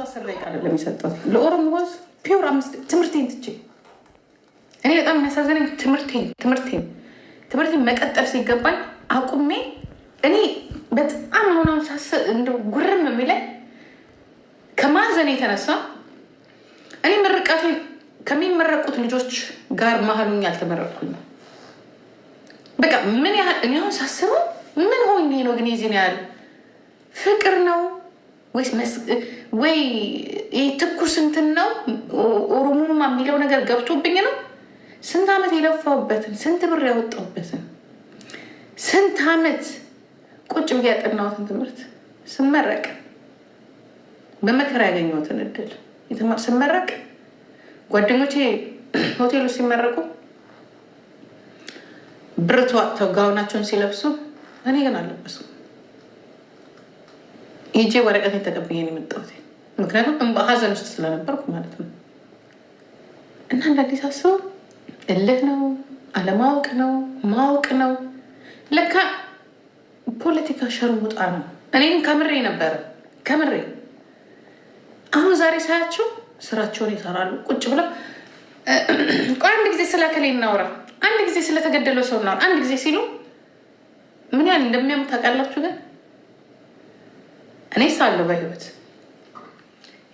ለኦሮሞዝ አስር ደቂቃ አይደለም የሰጠሁት ለኦሮሞዝ ፒውር አምስት ትምህርቴን ትቼ እኔ በጣም የሚያሳዝነኝ ትምህርቴን ትምህርቴን ትምህርቴን መቀጠል ሲገባኝ አቁሜ እኔ በጣም ሆነውን ሳስ ጉርም የሚለኝ ከማዘን የተነሳ እኔ ምርቃቴ ከሚመረቁት ልጆች ጋር መሀሉኝ አልተመረቅኩኝ። በቃ ምን ያህል እኔ አሁን ሳስበው ምን ሆኜ ነው ግን የዚህን ያህል ፍቅር ነው ወይ ትኩስ እንትን ነው ኦሮሞማ የሚለው ነገር ገብቶብኝ ነው። ስንት ዓመት የለፋውበትን ስንት ብር ያወጣውበትን ስንት ዓመት ቁጭ ብዬ ያጠናሁትን ትምህርት ስመረቅ በመከራ ያገኘሁትን እድል ስመረቅ ጓደኞቼ ሆቴሉ ሲመረቁ ብርቷ ተጋውናቸውን ሲለብሱ እኔ ግን አልለበስኩም። ሄጄ ወረቀቴን ተቀብዬ ነው የመጣሁት። ምክንያቱም ሀዘን ውስጥ ስለነበርኩ ማለት ነው። እና እንዳዲስ ሳስበው እልህ ነው አለማወቅ ነው ማወቅ ነው። ለካ ፖለቲካ ሸርሙጣ ነው። እኔም ከምሬ ነበረ ከምሬ። አሁን ዛሬ ሳያቸው ስራቸውን ይሰራሉ ቁጭ ብለው። ቆይ አንድ ጊዜ ስለ እከሌ እናውራ፣ አንድ ጊዜ ስለተገደለው ሰው እናውራ፣ አንድ ጊዜ ሲሉ ምን ያህል እንደሚያምት ታውቃላችሁ ግን እኔ ሳለሁ በህይወት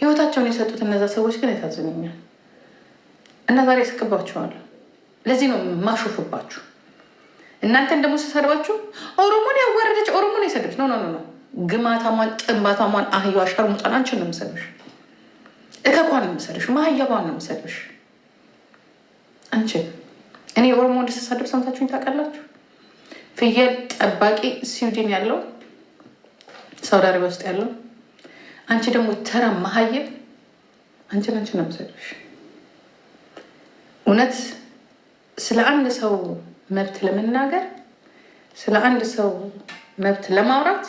ህይወታቸውን የሰጡት እነዛ ሰዎች ግን ያሳዝኑኛል እና ዛሬ እስቅባችኋለሁ። ለዚህ ነው ማሾፍባችሁ። እናንተን ደግሞ ስሰድባችሁ ኦሮሞን ያዋረደች ኦሮሞን የሰደች ነው ነው ነው ግማታሟን፣ ጥንባታሟን፣ አህያ ሸርሙጣን አንቺን ነው የምሰድብሽ። እከኳን ነው የምሰድብሽ። ማህያቧን ነው የምሰድብሽ። አንቺን እኔ ኦሮሞ እንድስሰድብ ሰምታችሁኝ ታውቃላችሁ? ፍየል ጠባቂ ስዊድን ያለው ሳውዲ አረቢያ ውስጥ ያለው አንቺ ደግሞ ተራ መሀየብ አንቺን አንቺን ነው እውነት ስለ አንድ ሰው መብት ለመናገር ስለ አንድ ሰው መብት ለማውራት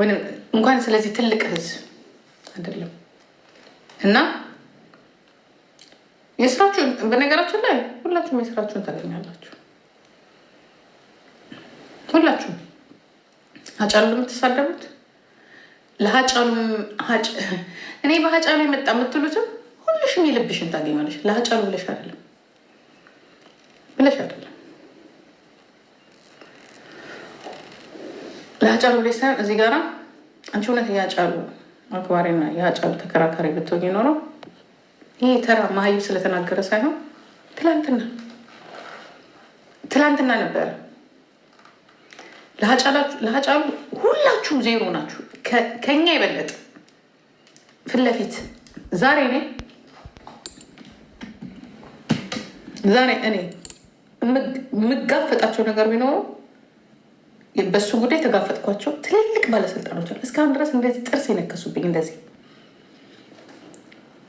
ወይም እንኳን ስለዚህ ትልቅ ህዝብ አይደለም እና የስራችሁን በነገራችን ላይ ሁላችሁም የስራችሁን ታገኛላችሁ። ሀጫሉ የምትሳደቡት ለሀጫሉ እኔ በሀጫሉ የመጣ የምትሉትም ሁልሽም የልብሽን ታገኛለሽ። ለሀጫሉ ብለሽ አይደለም ብለሽ አይደለም ለሀጫሉ ብለሽ ሳይሆን እዚህ ጋራ አንቺ እውነት የሀጫሉ አክባሪና የሀጫሉ ተከራካሪ ብትሆን የኖረው ይህ ተራ መሀይም ስለተናገረ ሳይሆን ትላንትና ትላንትና ነበረ ለሀጫሉ ሁላችሁም ዜሮ ናችሁ፣ ከኛ የበለጠ ፊት ለፊት ዛሬ እኔ ዛሬ እኔ የምጋፈጣቸው ነገር ቢኖሩ በሱ ጉዳይ ተጋፈጥኳቸው ትልልቅ ባለስልጣኖች አሉ። እስካሁን ድረስ እንደዚህ ጥርስ የነከሱብኝ እንደዚህ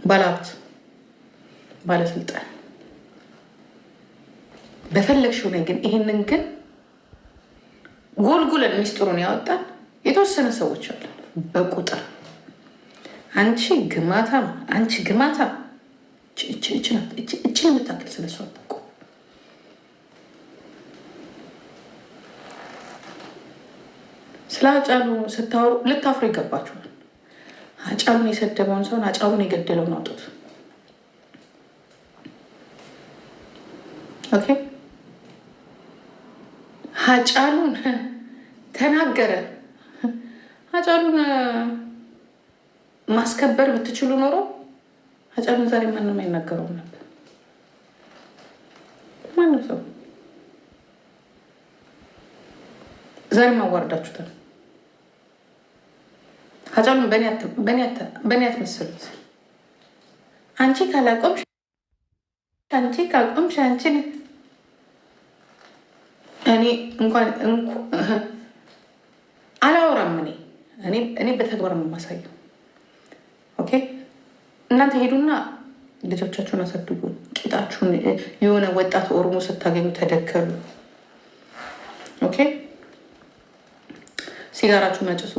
ባለሀብት ባለስልጣን በፈለግሽው ነኝ ግን ይህንን ግን ጎልጉለን ሚስጥሩን ያወጣን የተወሰነ ሰዎች አሉ በቁጥር አንቺ ግማታ አንቺ ግማታ እችን የምታክል ስለሱ ስለ አጫሉ ስታወሩ ልታፍሩ ይገባችኋል። አጫሉን የሰደበውን ሰውን አጫሉን የገደለውን አውጡት። ኦኬ ሀጫሉን ተናገረ። ሀጫሉን ማስከበር ብትችሉ ኖሮ ሀጫሉን ዛሬ ማንም አይናገረውም ነበር። ማንም ሰው ዛሬ ማዋርዳችሁታል። ሀጫሉን በእኔ አትመስሉት። አንቺ ካላቆምሽ አንቺ ካቆምሽ አንቺን እኔ እንኳን አላወራም። እኔ እኔ በተግባር ነው የማሳየው። ኦኬ እናንተ ሄዱና ልጆቻችሁን አሳድጉ። ቂጣችሁን የሆነ ወጣት ኦሮሞ ስታገኙ ተደከሉ። ኦኬ ሲጋራችሁን አጭሱ፣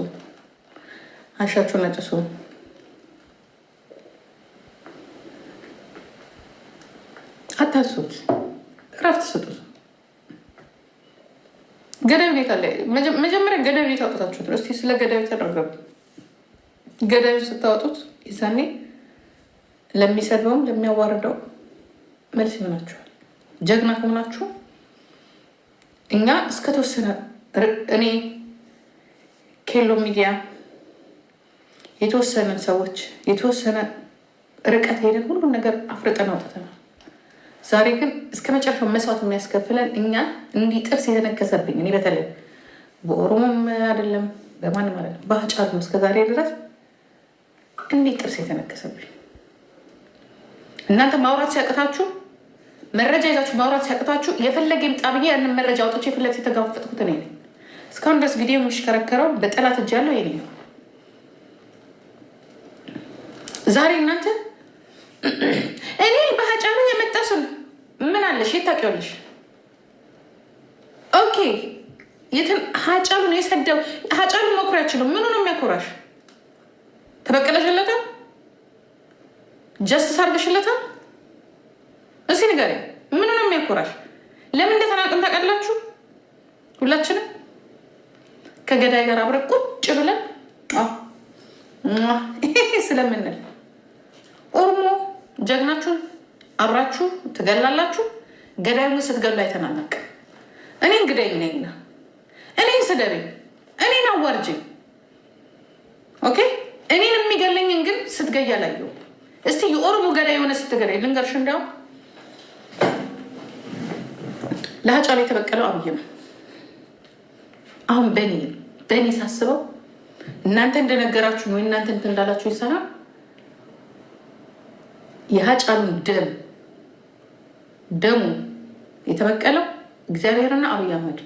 አሻችሁን አጭሱ። አታሱት፣ እረፍት ስጡት። ገደቤት አለ። መጀመሪያ ገደቤት አውጥታችሁት ነው። እስኪ ስለ ገደቤት አደረገብ ገደቤት ስታወጡት ይዛኔ ለሚሰድበውም ለሚያዋርደው መልስ ይሆናችኋል። ጀግና ከሆናችሁ እኛ እስከተወሰነ እኔ ኬሎ ሚዲያ የተወሰነ ሰዎች የተወሰነ ርቀት ሄደን ሁሉም ነገር አፍርጠን አውጥተናል። ዛሬ ግን እስከ መጨረሻው መስዋዕት የሚያስከፍለን እኛ እንዲህ ጥርስ የተነከሰብኝ እኔ በተለይ በኦሮሞም አይደለም በማንም አይደለም በአጫሉ እስከዛሬ ድረስ እንዲህ ጥርስ የተነከሰብኝ እናንተ ማውራት ሲያቅታችሁ መረጃ ይዛችሁ ማውራት ሲያቅታችሁ የፈለገ ይምጣ ብዬ ያንን መረጃ አውጥቼ ፊትለፊት የተጋፈጥኩት እኔ ነኝ። እስካሁን ድረስ ጊዜ የሚሽከረከረው በጠላት እጅ ያለው የኔ ነው። ዛሬ እናንተ እኔ በሀጫሉ የመጣ ሰው ምን አለሽ? የት ታውቂዋለሽ? ኦኬ ሀጫሉን የሰደው ሀጫሉን መኩር ነው። ምኑ ነው የሚያኮራሽ? ተበቀለሽለታል? ጀስት ሳርገሽለታል? እስኪ ንገሪኝ፣ ምኑ ነው የሚያኮራሽ? ለምን እንደተናቅን ታውቃላችሁ? ሁላችንም ከገዳይ ጋር አብረን ቁጭ ብለን ስለምንል ኦሮሞ ጀግናችሁን አብራችሁ ትገላላችሁ። ገዳዩን ስትገሉ አይተናነቅ። እኔ እንግዳይ ነኝና እኔን ስደቤ፣ እኔን አዋርጅ። ኦኬ እኔን የሚገለኝን ግን ስትገያ ላየው። እስቲ የኦሮሞ ገዳይ የሆነ ስትገዳይ ልንገርሽ። እንዲያው ለሀጫሉ የተበቀለው አብይ ነው። አሁን በኔ በእኔ ሳስበው እናንተ እንደነገራችሁ ወይ እናንተ እንዳላችሁ ይሰራ የሀጫሉን ደም ደሙ የተበቀለው እግዚአብሔርና አብይ አህመድ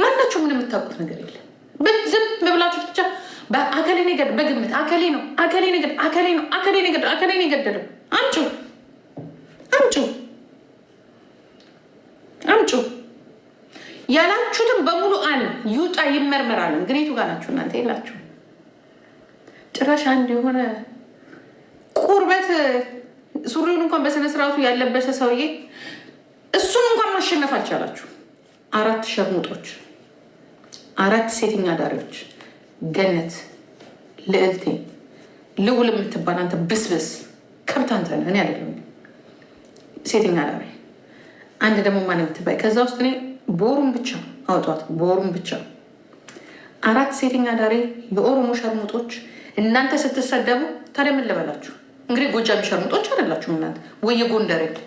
ማናችሁ ምን የምታውቁት ነገር የለም። ዝም ብላችሁ ብቻ አከሌ ነገር በግምት አከሌ ነው አከሌ ነገር አከሌ ነው አከሌ ነገር አከሌ ነው የገደለው። አምጩ አምጩ አምጩ ያላችሁትም በሙሉ አለ ይውጣ ይመርመራል። ግን የቱ ጋር ናችሁ እናንተ? የላችሁ ጭራሽ አንድ የሆነ ቁርበት ሱሪውን እንኳን በስነስርዓቱ ያለበሰ ሰውዬ እሱን እንኳን ማሸነፍ አልቻላችሁ። አራት ሸርሙጦች፣ አራት ሴተኛ አዳሪዎች፣ ገነት ልዕልቴ፣ ልውል የምትባል አንተ ብስብስ ከብት አንተ ነህ፣ እኔ አይደለሁም ሴተኛ አዳሪ። አንድ ደግሞ ማን የምትባይ ከዛ ውስጥ እኔ ቦሩን ብቻ አውጧት፣ ቦሩን ብቻ አራት ሴተኛ አዳሪ የኦሮሞ ሸርሙጦች። እናንተ ስትሰደቡ ታዲያ ምን ልበላችሁ? እንግዲህ ጎጃም ሸርሙጦች አይደላችሁም እናንተ ወይ የጎንደር የለ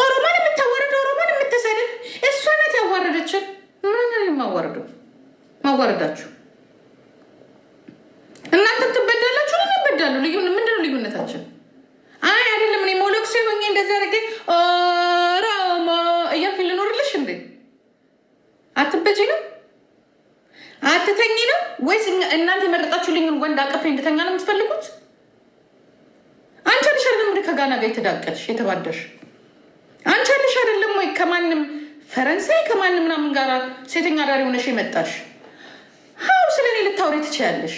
ኦሮሞን የምታዋርድ ኦሮሞን የምትሰድብ እሷ ናት ያዋረደችን። ምን ማዋረዱ ማዋረዳችሁ እናንተ ትበዳላችሁ፣ ይበዳሉ። ምንድነው ልዩነታችን? አይ አይደለም እኔ ሞለክሶ የሆኜ እንደዚህ አድርጌ ኦሮሞ እያልኩኝ ልኖርልሽ እንዴ? አትበጂ ነው አትተኝ ነው ወይስ እናንተ የመረጣችሁልኝን ወንድ አቀፍ እንድተኛ ነው የምትፈልጉት? ጋና ጋር የተዳቀልሽ የተባደሽ አንቺ አለሽ አይደለም ወይ? ከማንም ፈረንሳይ ከማንም ምናምን ጋር ሴተኛ አዳሪ ሆነሽ የመጣሽ ሀው ስለ እኔ ልታውሪ ትችያለሽ።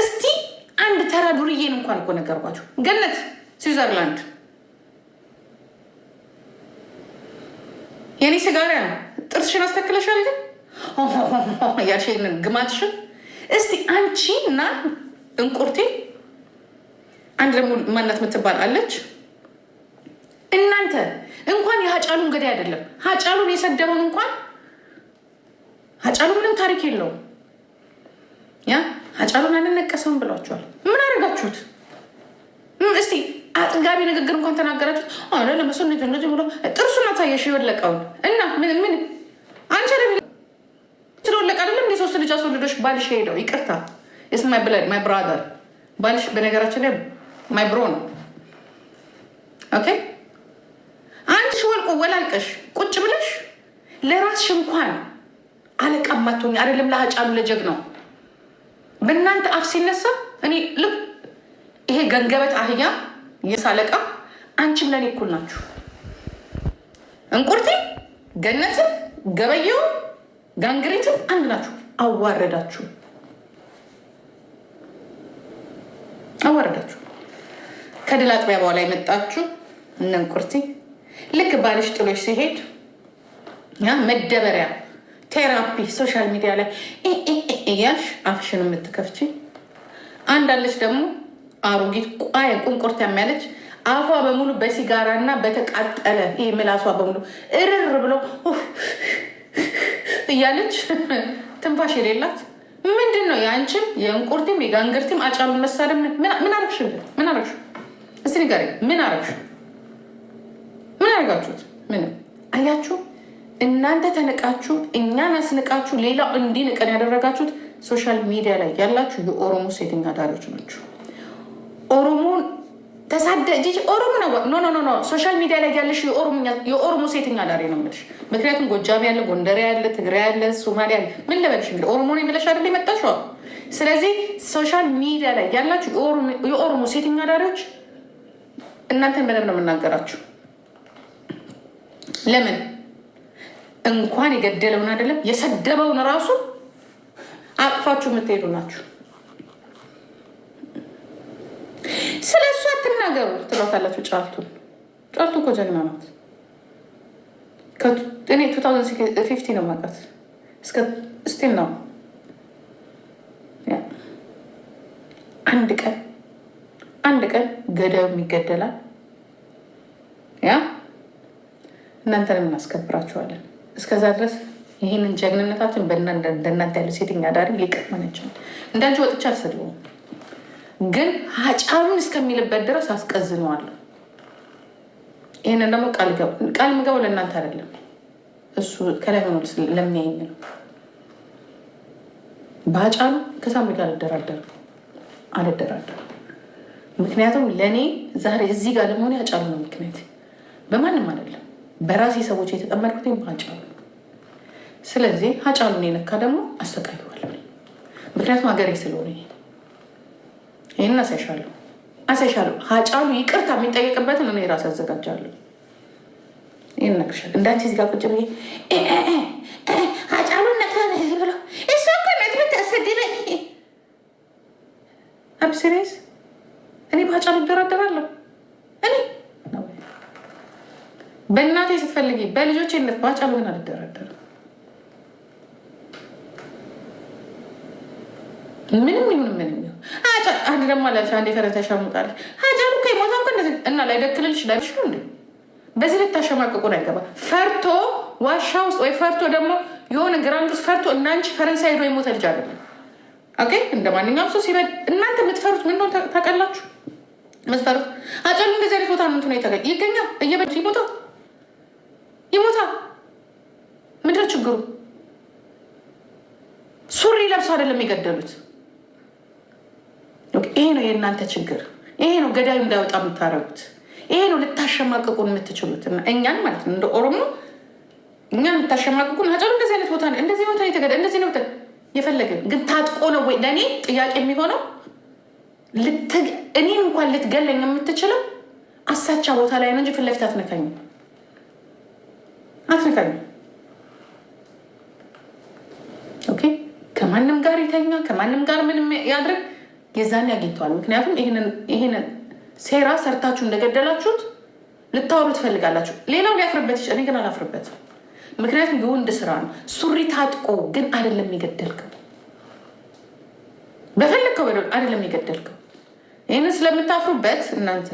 እስቲ አንድ ተራ ዱርዬን እንኳን እኮ ነገርኳቸው። ገነት ስዊዘርላንድ የኔ ስጋሪያ ነው። ጥርስሽን አስተክለሻል ግን ያልሽ ግማትሽን እስቲ አንቺ እና እንቁርቴ አንድ ደግሞ ማናት የምትባል አለች። እናንተ እንኳን የሀጫሉን ገዳይ አይደለም ሀጫሉን የሰደበውን እንኳን ሀጫሉ ምንም ታሪክ የለውም። ያ ሀጫሉን አልነቀሰውም ብሏቸዋል። ምን አደረጋችሁት እስቲ? አጥጋቢ ንግግር እንኳን ተናገራችሁት። አሁን ለመሶ እንደዚህ ብሎ ጥርሱን አሳየሽ የወለቀውን እና ምን ምን አንቺ ስለወለቀ አይደለም ሶስት ልጅ አስወልዶች ባልሽ ሄደው ይቅርታ ስ ማይ ብራዘር ባልሽ በነገራችን ላይ ማይ ብሮ ነው። ኦኬ አንቺ ወልቆ ወላልቀሽ ቁጭ ብለሽ ለራስሽ እንኳን አለቃ ማትሆኝ አይደለም ለሀጫሉ ለጀግ ነው። በእናንተ አፍ ሲነሳ እኔ ልክ ይሄ ገንገበት አህያ የስ አለቃ አንቺም ለኔ እኩል ናችሁ። እንቁርቲ ገነትም ገበየው ጋንግሪትም አንድ ናችሁ። አዋረዳችሁ አዋረዳችሁ። ከድል አጥቢያ በኋላ የመጣችሁ እነንቁርቲ ልክ ባልሽ ጥሎች ሲሄድ መደበሪያ ቴራፒ ሶሻል ሚዲያ ላይ እያልሽ አፍሽን የምትከፍች አንዳለች ደግሞ አሮጊት ቋየ ቁንቁርት ያሚያለች አፏ በሙሉ በሲጋራ እና በተቃጠለ ይህ ምላሷ በሙሉ እርር ብሎ እያለች ትንፋሽ የሌላት ምንድን ነው? የአንቺም የእንቁርቲም የጋንግርቲም አጫሉ መሳሪያ ምን አረግሽብን? ምን አረግሽ? እስቲ ንገረኝ፣ ምን አረግሽ? ምን አረጋችሁት? ምንም አያችሁ። እናንተ ተንቃችሁ እኛን አስንቃችሁ ሌላው እንዲንቀን ያደረጋችሁት ሶሻል ሚዲያ ላይ ያላችሁ የኦሮሞ ሴተኛ አዳሪዎች ናችሁ። ኦሮሞን ተሳደጅ ኦሮሞ ነው። ኖ ኖ ኖ፣ ሶሻል ሚዲያ ላይ ያለሽ የኦሮሞ ሴትኛ አዳሪ ነው የምልሽ። ምክንያቱም ጎጃም ያለ፣ ጎንደር ያለ፣ ትግራይ ያለ፣ ሶማሊያ ያለ ምን ለበልሽ እንግዲህ ኦሮሞ ነው የምለሽ አይደል የመጣሽው። ስለዚህ ሶሻል ሚዲያ ላይ ያላችሁ የኦሮሞ ሴትኛ አዳሪዎች እናንተን በደንብ ነው የምናገራችሁ። ለምን እንኳን የገደለውን አይደለም የሰደበውን ራሱ አቅፋችሁ የምትሄዱ ናችሁ። ስለ እሱ አትናገሩ ትሏታላችሁ። ጫልቱን ጫልቱ እኮ ጀግና ናት። እኔ ነው ማቀት እስከ ስቲል ነው አንድ ቀን አንድ ቀን ገዳዩም ይገደላል። ያ እናንተንም እናስከብራችኋለን። እስከዛ ድረስ ይህንን ጀግንነታችን እንደናንተ ያለ ሴተኛ አዳሪ ሊቀመነችል እንዳንቺ ወጥቼ አልሰድበውም፣ ግን ሀጫሩን እስከሚልበት ድረስ አስቀዝነዋለሁ። ይህንን ደግሞ ቃል ምገባው ለእናንተ አይደለም፣ እሱ ከላይ ሆኖ ለሚያየኝ ነው። በሀጫሉ ከሳሚ ጋር አልደራደርም አልደራደርም። ምክንያቱም ለእኔ ዛሬ እዚህ ጋር ለመሆን ያጫሉ ነው ምክንያት በማንም አይደለም። በራሴ ሰዎች የተጠመድኩት በአጫሉ ስለዚህ አጫሉን የነካ ደግሞ አሰቃየዋለሁ። ምክንያቱም ሀገሬ ስለሆነ ይህን አሳይሻለሁ አሳይሻለሁ። ሀጫሉ ይቅርታ የሚጠየቅበትን እኔ ራሴ አዘጋጃለሁ። ይህን ነግርሻለሁ። እንዳንቺ እዚህ ጋር ቁጭ ብዬ ሀጫሉን ነካ ብሎ እሷ እኮ ነች ብታሰድበኝ አብስሬስ እኔ ባጫ እደራደራለሁ። እኔ በእናቴ ስትፈልጊ በልጆች የለት ባጫ ግን አልደራደርም። ምንም ይሁን ምንም ይሁን አንድ ደግሞ ላ አንድ የተረ ተሸሙጣል አጫሉ እኮ የሞታ እኮ እንደዚህ እና ላይ ደክልልሽ ላይ ሽ እንዲ በዚህ ልታሸማቅቁን አይገባ ፈርቶ ዋሻ ውስጥ ወይ ፈርቶ ደግሞ የሆነ ግራንድ ውስጥ ፈርቶ እናንቺ ፈረንሳይ ሄዶ የሞተ ልጅ አለ እንደ ማንኛውም ሰው ሲበድ እናንተ የምትፈሩት ምን እንደሆነ ታውቃላችሁ። መስፈሩት አጨሉ እንደዚህ አይነት ቦታ ምንት ነው የተገኘ ይገኛል። እየበ ይሞታ ይሞታ ምድር ችግሩ? ሱሪ ለብሶ አይደለም የገደሉት። ይሄ ነው የእናንተ ችግር። ይሄ ነው ገዳዩ እንዳይወጣ የምታደርጉት። ይሄ ነው ልታሸማቅቁን የምትችሉት እኛን ማለት ነው። እንደ ኦሮሞ እኛን ልታሸማቅቁን አጨሉ እንደዚህ አይነት ቦታ እንደዚህ ቦታ የተገደ እንደዚህ ነው የፈለገ ግን ታጥቆ ነው ወይ ለእኔ ጥያቄ የሚሆነው እኔን እንኳን ልትገለኝ የምትችለው አሳቻ ቦታ ላይ ነው እንጂ ፊት ለፊት አትነካኝ፣ ኦኬ ከማንም ጋር ይተኛ ከማንም ጋር ምንም ያድርግ፣ የዛን አግኝተዋል። ምክንያቱም ይሄንን ሴራ ሰርታችሁ እንደገደላችሁት ልታወሩ ትፈልጋላችሁ። ሌላው ሊያፍርበት ይችላል፣ እኔ ግን አላፍርበትም። ምክንያቱም የወንድ ስራ ነው። ሱሪ ታጥቆ ግን አይደለም የገደልከው፣ በፈለግከው አይደለም የገደልከው ይህን ስለምታፍሩበት እናንተ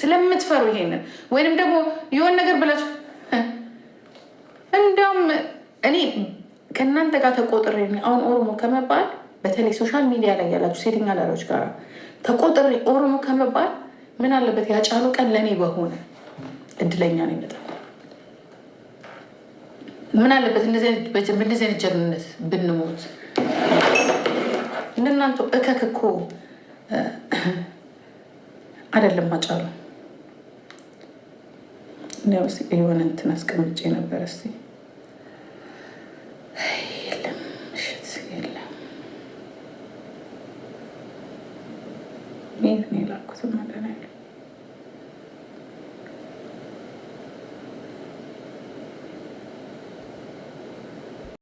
ስለምትፈሩ ይሄንን ወይንም ደግሞ የሆን ነገር ብላችሁ እንዲያውም እኔ ከእናንተ ጋር ተቆጥሬ አሁን ኦሮሞ ከመባል በተለይ ሶሻል ሚዲያ ላይ ያላችሁ ሴተኛ አዳሪዎች ጋር ተቆጥሬ ኦሮሞ ከመባል ምን አለበት ያጫሉ ቀን ለእኔ በሆነ እድለኛ ነው ይመጣል። ምን አለበት እንደዚህ አይነት ጀግንነት ብንሞት እንደናንተ እከክኮ አይደለም አጫሉ የሆነ እንትን አስቀምጬ ነበር እስኪ